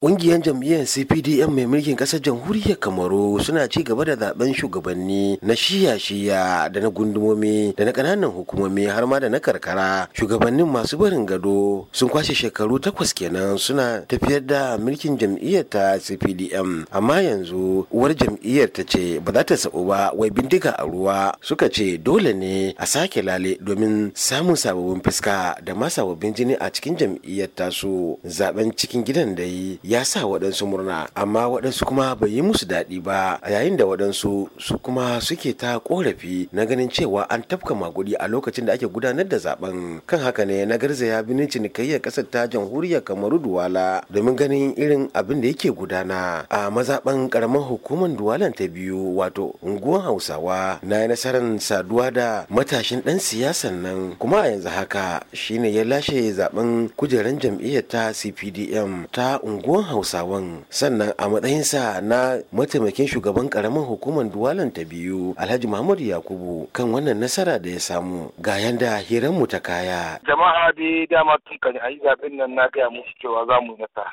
Ƙungiyar jam'iyyar CPDM mai mulkin ƙasar jamhuriyar Kamaru suna ci gaba da zaben shugabanni na shiya-shiya da na gundumomi da na ƙananan hukumomi har ma da na karkara. Shugabannin masu barin gado sun kwashe shekaru takwas kenan suna tafiyar da mulkin jam'iyyar ta CPDM. Amma yanzu uwar jam'iyyar ta ce ba za ta sa'u ba wai bindiga a ruwa suka ce dole ne a sake lale domin samun sababbin fuska da ma sababbin jini a cikin jam'iyyar tasu zaben cikin gidan da yi ya sa waɗansu murna amma waɗansu kuma bai yi musu daɗi ba yayin da waɗansu su kuma suke ta korafi na ganin cewa an tafka maguɗi a lokacin da ake gudanar da zaben kan haka ne na garza garzaya binin cinikayyar ƙasar ta jamhuriyar kamaru duwala domin ganin irin abin da yake gudana a mazaɓan ƙaramin hukumar duwalan ta biyu wato unguwan hausawa na nasarar saduwa da matashin ɗan siyasan nan kuma a yanzu haka shine ya lashe zaben kujerar jam'iyyar ta cpdm ta unguwar shugaban hausawan sannan a matsayinsa na mataimakin shugaban karamin hukumar duwalan ta biyu alhaji muhammadu yakubu kan wannan nasara da ya samu ga yanda mu ta kaya jama'a bi dama tun kan ayi zaben nan na gaya musu cewa za mu nasara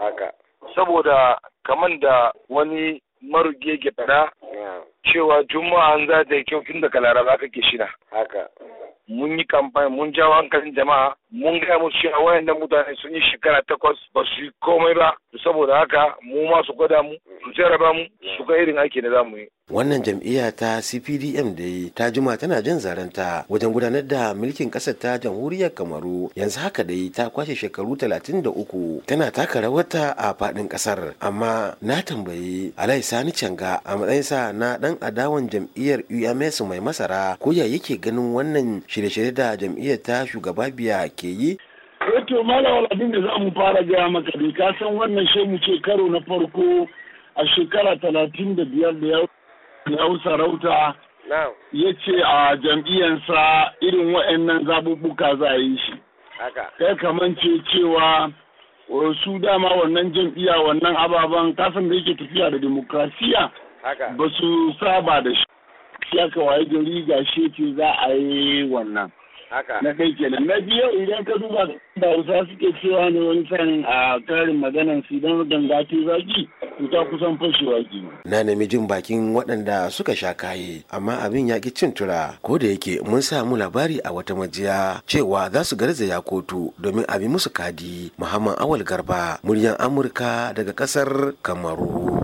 haka saboda kamar da wani maruge gyaɗa cewa juma'a an za ta yi kyau tun daga laraba kake shida haka mun yi kamfani mun jawo hankalin jama'a mun gaya mu cewa wayannan mutane sun yi shekara takwas ba su yi komai ba saboda haka mu ma su gwada mu su jaraba mu su ga irin aiki na zamu mu yi wannan jam'iyya ta cpdm da ta juma tana jan zaranta wajen gudanar da mulkin ƙasar ta jamhuriyar kamaru yanzu haka dai ta kwashe shekaru talatin da uku tana taka rawarta a fadin kasar amma na tambaye alai sani canga a sa na dan adawan jam'iyyar ums mai masara ko ya yake ganin wannan shirye-shirye da jam'iyyar ta shugaba biya ke yi Wato eh, malam abin da za mu fara gaya maka dai ka san wannan shi mu ce karo na farko a shekara talatin da biyar da ya sarauta ya ce a jam'iyyansa irin wa'annan zaɓuɓɓuka za a yi shi kai kaman ce cewa su dama wannan jam'iyya wannan ababen kasan da yake tafiya da demokrasiya ba su saba da shi ya kawai gari ga shi za a yi wannan na kai kenan na biyu idan ka duba da usa suke cewa ne wani san a karin maganan su idan ganga ta zaki ta kusan fashewa ki na nemi jin bakin waɗanda suka sha kaye amma abin ya ki cin tura ko da yake mun samu labari a wata majiya cewa za su garzaya kotu domin a bi musu kadi muhammad awal garba muryan amurka daga ƙasar kamaru